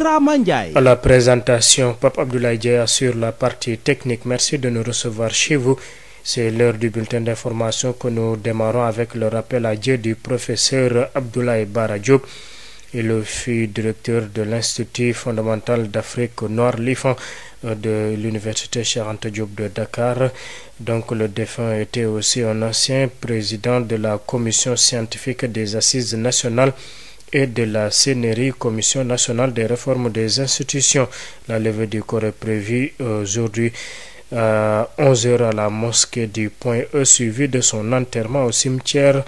Birama Ndiaye. la présentation, Pape Abdoulaye Dieye assure la partie technique. Merci de nous recevoir chez vous. C'est l'heure du bulletin d'information que nous démarrons avec le rappel à du professeur Abdoulaye Bara Diop. Il fut directeur de l'Institut fondamental d'Afrique Noire, l'IFAN, de l'Université Cheikh Anta Diop de Dakar. Donc le défunt était aussi un ancien président de la commission scientifique des Assises nationales et de la CNRI, Commission nationale des réformes des institutions. La levée du corps est prévue euh, aujourd'hui euh, à 11 du Point E, suivie de son enterrement au cimetière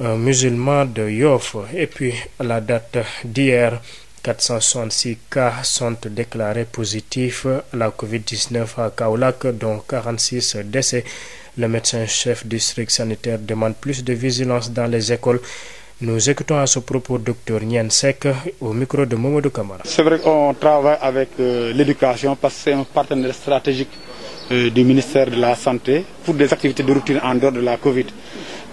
euh, musulman de Yoff. Et puis, à la date d'hier, 466 cas sont déclarés positifs à la COVID-19 à Kaolack, dont 46 décès. Le médecin-chef district sanitaire demande plus de vigilance dans les écoles Nous écoutons à ce propos Dr Nian sec au micro de Mamadou Camara. C'est vrai qu'on travaille avec euh, l'éducation parce que c'est un partenaire stratégique euh, du ministère de la Santé pour des activités de routine en dehors de la Covid.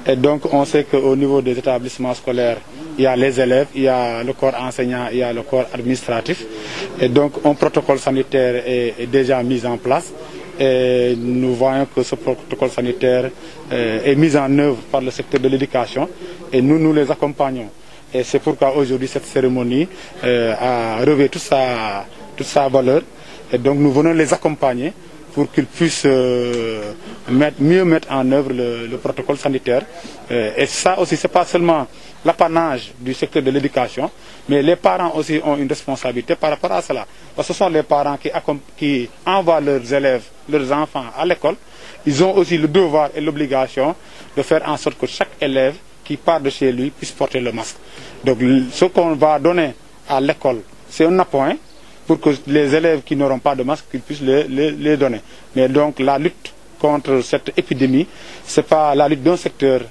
Et donc on sait qu'au niveau des établissements scolaires, il y a les élèves, il y a le corps enseignant, il y a le corps administratif. Et donc un protocole sanitaire est déjà mis en place. Et nous voyons que ce protocole sanitaire euh, est mis en œuvre par le secteur de l'éducation et nous, nous les accompagnons. Et c'est pourquoi aujourd'hui cette cérémonie euh, a relevé toute sa, toute sa valeur. Et donc nous venons les accompagner pour qu'ils puissent euh, mettre, mieux mettre en œuvre le, le protocole sanitaire. Euh, et ça aussi, c'est pas seulement l'apanage du secteur de l'éducation, mais les parents aussi ont une responsabilité par rapport à cela. Parce que ce sont les parents qui, qui envoient leurs élèves, leurs enfants à l'école. Ils ont aussi le devoir et l'obligation de faire en sorte que chaque élève qui part de chez lui puisse porter le masque. Donc ce qu'on va à l'école, c'est un appoint pour que les élèves qui n'auront pas de masque qu'ils puissent les, les, les donner. Mais donc la lutte contre cette épidémie, ce n'est pas la lutte d'un secteur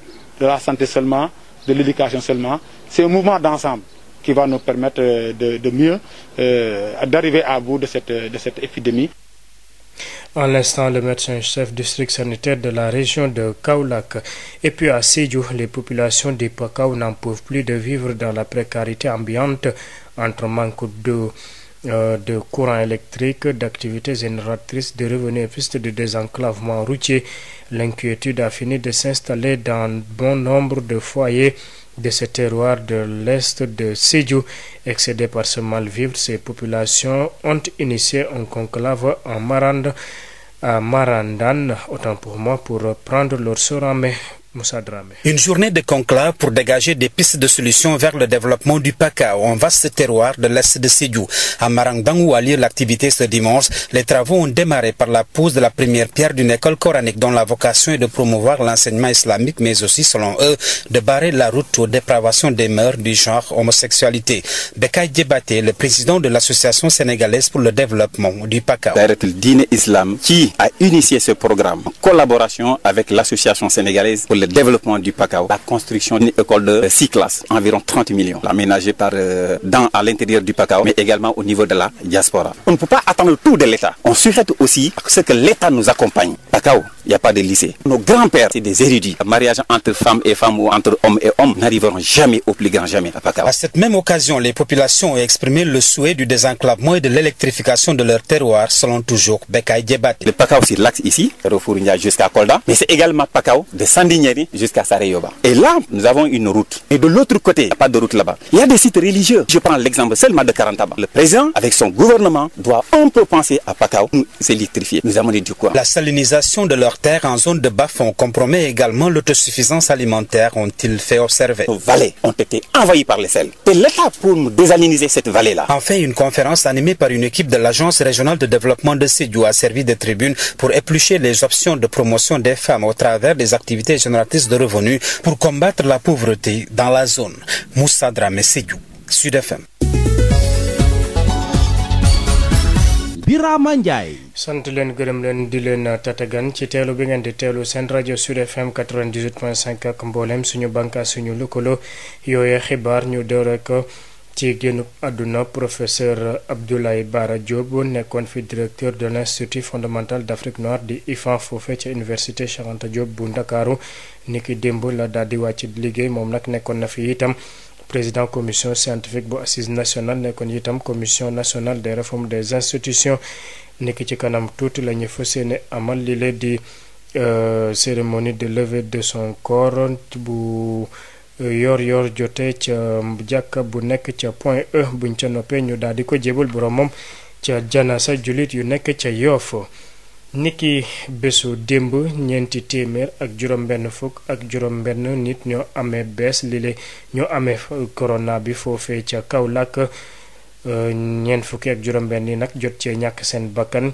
de la santé seulement, de l'éducation seulement. C'est un mouvement d'ensemble qui va nous permettre euh, de, de mieux, euh, d'arriver à bout de cette, de cette épidémie. En l'instant, le médecin-chef district sanitaire de la région de Kaulak. Et puis à Sédhiou, les populations des Pakao n'en peuvent plus de vivre dans la précarité ambiante entre manque d'eau. Euh, de courant électrique, d'activités génératrices de revenus et pistes de désenclavement routier. L'inquiétude a fini de s'installer dans bon nombre de foyers de ce terroir de l'est de Sédhiou. Excédées par ce mal-vivre, ces populations ont initié un conclave en Marande, à Marandane, autant pour moi, pour prendre leur sort en main. Moussa Dramé. Une journée de conclave pour dégager des pistes de solutions vers le développement du Pacao, un vaste terroir de l'est de Sédiou. À Marangdang, où a lieu l'activité ce dimanche, les travaux ont démarré par la pose de la première pierre d'une école coranique dont la vocation est de promouvoir l'enseignement islamique, mais aussi, selon eux, de barrer la route aux dépravations des mœurs du genre homosexualité. Bekay Djebaté, le président de l'Association pour le développement du Pacao. Dine Islam, avec l'Association sénégalaise pour le développement du PACAO, la construction d'une école de 6 classes, environ 30 millions, aménagée par euh, à l'intérieur du PACAO, mais également au niveau de la diaspora. On ne peut pas attendre tout de l'État. On souhaite aussi à ce que l'État nous accompagne. PACAO, il n'y a pas de lycée. Nos grands-pères, c'est des érudits. Le ou n'arriveront jamais au plus grand jamais à PACAO. À cette même occasion, les populations ont exprimé le souhait du désenclavement et de l'électrification Nyeri jusqu'à Sarayoba. Et là, nous avons une route. Et de l'autre côté, il a y a des sites religieux. Je prends l'exemple seulement de Karantaba. Le président, avec son gouvernement, doit un peu penser à Pakao. Nous électrifier. La salinisation de leurs terres en zone de bas compromet également l'autosuffisance alimentaire, ont-ils fait observer. Nos vallées ont été envahies par les sels. C'est l'État pour nous désaliniser cette vallée-là. Enfin, une conférence génératrice de revenus pour combattre la pauvreté dans la zone. Moussa Dramé Sédhiou, Sud FM. Birama Ndiaye. sant leen gërëm leen di leen tatagan ci teelu bi ngeen di teelu seen rajo Sud FM 98.5 ak mbooleem suñu bànqaas suñu lëkkaloo yooyu xibaar ñu door ak ci génn àdduna professeur Abdoulaye Bara Diop nekkoon fi directeur de l'institut fondamental d'Afrique noire di IFAN foofe ca université Cheikh Anta Diop bu Ndakaaru niki démb la daal di wàcc liggéey moom nag nekkoon na fi itam président commission scientifique bu assis national nekkoon itam commission nationale des réformes des institutions niki ci kanam tuuti la ñu fas yéene amal li leen di euh, cérémonie de levée de son corps bu. yoor yoor jote ca mm, jàkka bu nekk ca point E buñ ca noppee ñu daal di ko jébal boromam ca janasa jullit yu nekk ca Yoff niki bésu démb ñeenti téeméer ak juróom-benn fukk ak juróom-benn nit ñoo amee bees lilé ñoo amee corona bi foofee ca Kaolack euh, ñeent fukki ak juróom-benn nag jot cee ñàkk seen bakkan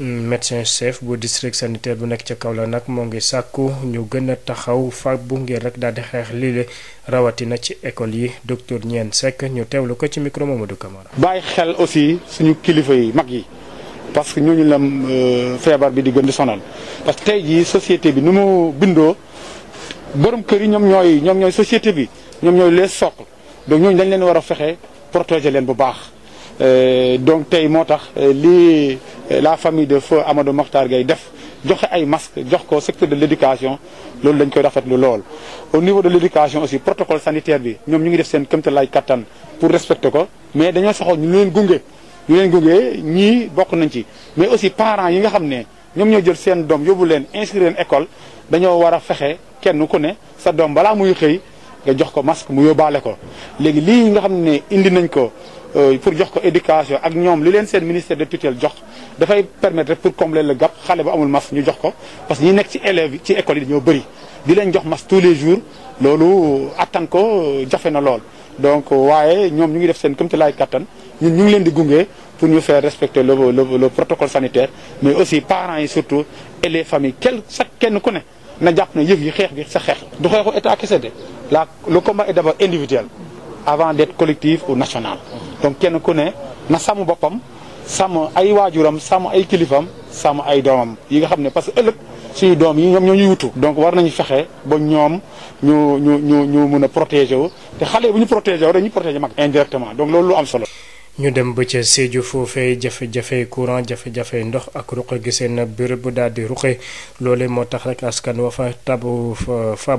médecin chef bu district sanitaire bu nekk ca Kaolack nag moo ngi sàkku ñu gën a taxaw fa bu ngir rek daal di xeex lii rawatina ci école yi docteur Niane sekk ñu teewlu ko ci micro Mamadou Camara. bàyyi xel aussi suñu kilifa yi mag yi parce que ñooñu la euh, feebar bi di gën di sonal parce tey jii société bi nu mu bindoo borom kër yi ñoom ñooy ñoom ñooy société bi ñoom ñooy les socles donc ñooñu dañ leen war a fexe protéger leen bu baax. Euh, donc tey moo tax euh, lii euh, la famille de feu Amadou Mokhtar gay def joxe ay masques jox ko secteur de l'éducation loolu dañ koy rafet lu lool. au niveau de l'éducation aussi protocole sanitaire bi ñoom ñu ngi def seen lay kattan pour respecter ko mais dañoo soxla ñu leen gunge ñu leen gunge ñii bokk nañ ci mais aussi parents yi nga xam ne ñoom ñoo jël seen doom yóbbu leen inscrire leen école dañoo war a fexe kenn ku ne sa doom balaa muy xëy nga jox ko masque mu yóbbaale ko léegi lii nga xam ne indi nañ ko. Euh, pour jox ko éducation ak ñoom li leen seen ministère de tutelle jox dafay permettre rek pour combler le gap xale bu amul mas ñu jox ko parce que ñi nekk ci élèves ci école yi dañoo bëri di leen jox mas tous les jours loolu attan ko euh, jafe na lool donc euh, waaye ñoom ñu ngi def seen këmte laay kattan ñun ñu ngi leen di gunge pour ñu faire respecter le, le, le protocole sanitaire mais aussi parent yi surtout et les familles quel sa kenn ku ne na jàpp na yëf yi xeex bi sa xeex du xeexu état kese la le combat est d'abord individuel avant d'être collective ou nationale donc kenn ku ne na sàmm boppam sàmm ay waajuram sàmm ay kilifam sàmm ay doomam yi nga xam ne parce que ëllëg suñu doom yi ñoom ñoo ñu wutu donc war nañu fexe ba ñoom ñu ñu ñu ñu mën a protéger wu te xale bu ñu protéger wu dañuy protéger mag indirectement donc loolu lu am solo ñu dem ba ca Sédhiou foofee jafe-jafe courant jafe-jafe ndox ak ruqe gisee na béréb bu daal di ruqe loole moo tax rek askan wa fa tabu fa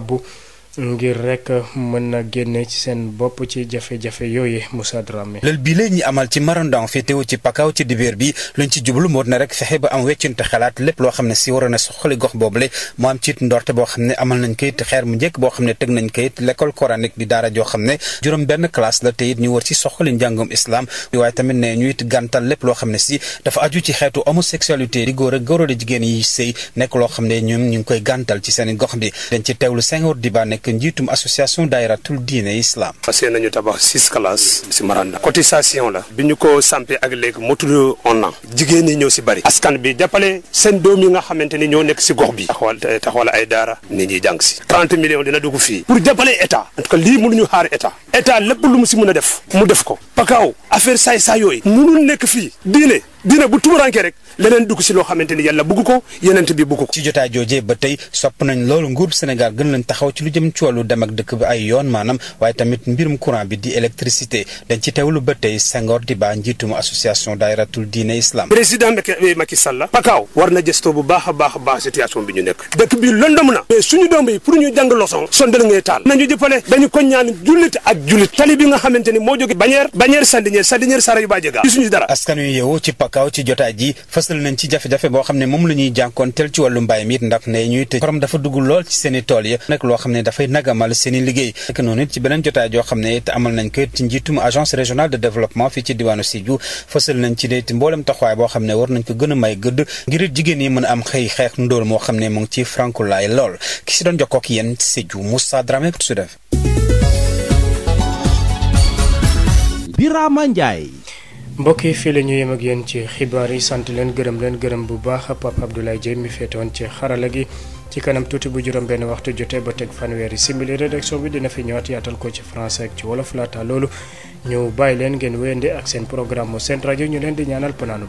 ngir rek mën na génne ci seen bopp ci jafe-jafe yooyu Moussa Dramé. lël bii la ñuy amal ci Marondong féetewoo ci Pakao ci dibéer bi luñ ci jublu moo na rek fexe ba am weccante xalaat lépp loo xam ne si waroon a soxali gox boobule moo am ciit ndorte boo xam ne amal nañ ko it xeer mu njëkk boo xam ne teg nañ ko it l'école coranique di daara joo xam ne juróom benn classe la te it ñu war ci soxali njàngum islam waaye tamit ne ñu it gàntal lépp loo xam ne si dafa aju ci xeetu homosexualité di góor ak góor jigéen yi sëy nekk loo xam ne ñoom ñu ngi koy gàntal ci seen gox bi dañ ci teewlu Senghor Diba nekk nekk njiitum association daayiratul diine islam. fas yéene nañu tabax six classes si Maranda. cotisation la. bi ñu ko sampee ak léegi motul on an. jigéen ñi ñoo si bëri. askan bi jàppale seen doom yi nga xamante ni ñoo nekk si gox bi. taxawal eh, taxawal ay daara. ni ñi jàng si. 30 millions dina dugg fii. pour jàppale état. en tout cas lii mënuñu xaar état. état lépp lu mu si mën a def. mu def ko. pakaaw affaire saay-saay yooyu. munul nekk fii diine. dina bu tumuraanke rek leneen dugg si loo xamante ni yàlla bugg ko yenent bi bugg ko. ci jotaay joojee ba tey sopp nañ loolu nguur Sénégal gën leen taxaw ci lu jëm ci wàllu dem ak dëkk bi ay yoon maanaam waaye tamit mbirum courant bi di électricité dañ ci teewlu ba tey Senghor Diba njiitumu association daayratul diine islam. président Macky Sall. Eh, Pakaaw war na gëstoo bu baax a baax a bi ñu nekk. dëkk bi lëndëm na. suñu doom yi pour ñu jàng loson. sondal ngay taal. nañu jëppale dañu ko ñaan jullit ak jullit. tali bi nga xamante ni moo jóge bañeer bañeer sandinière sandinière sara yu baa jega gisuñu dara kaw ci jotaay ji fësal nañ ci jafe-jafe boo xam ne moom la ñuy teel ci wàllu mbay mi ndax ne ñuy te xorom dafa dugg lool ci seen i tool yi nag loo xam ne dafay nagamal seen i liggéey nekk noonu it ci beneen jotaay joo xam ne it amal nañ ko ci njiitum agence régionale de développement fii ci diwaanu Sédhiou fësal nañ ci it mboolem taxawaay boo xam ne war nañ ko gën a may gëdd ngir it jigéen yi mën am xëy xeex ndóol moo xam ne mu ngi ci frankulaay lool ki si doon jokkoo ak yéen Sédhiou Moussa Dramé Sud Birama Ndiaye mbokk yi fii la ñu yem ak yéen ci xibaar yi sant leen gërëm leen gërëm bu baax Pape Abdoulaye Dieng mi féetoon ci xarala gi ci kanam tuuti bu juróom benn waxtu jotee ba teg fanweeri simili rédaction bi dina fi ñëwaat yaatal ko ci français ak ci wolof laata loolu ñu bàyyi leen ngeen wéyandi ak seen programme mu seen rajo ñu leen di ñaanal panaanu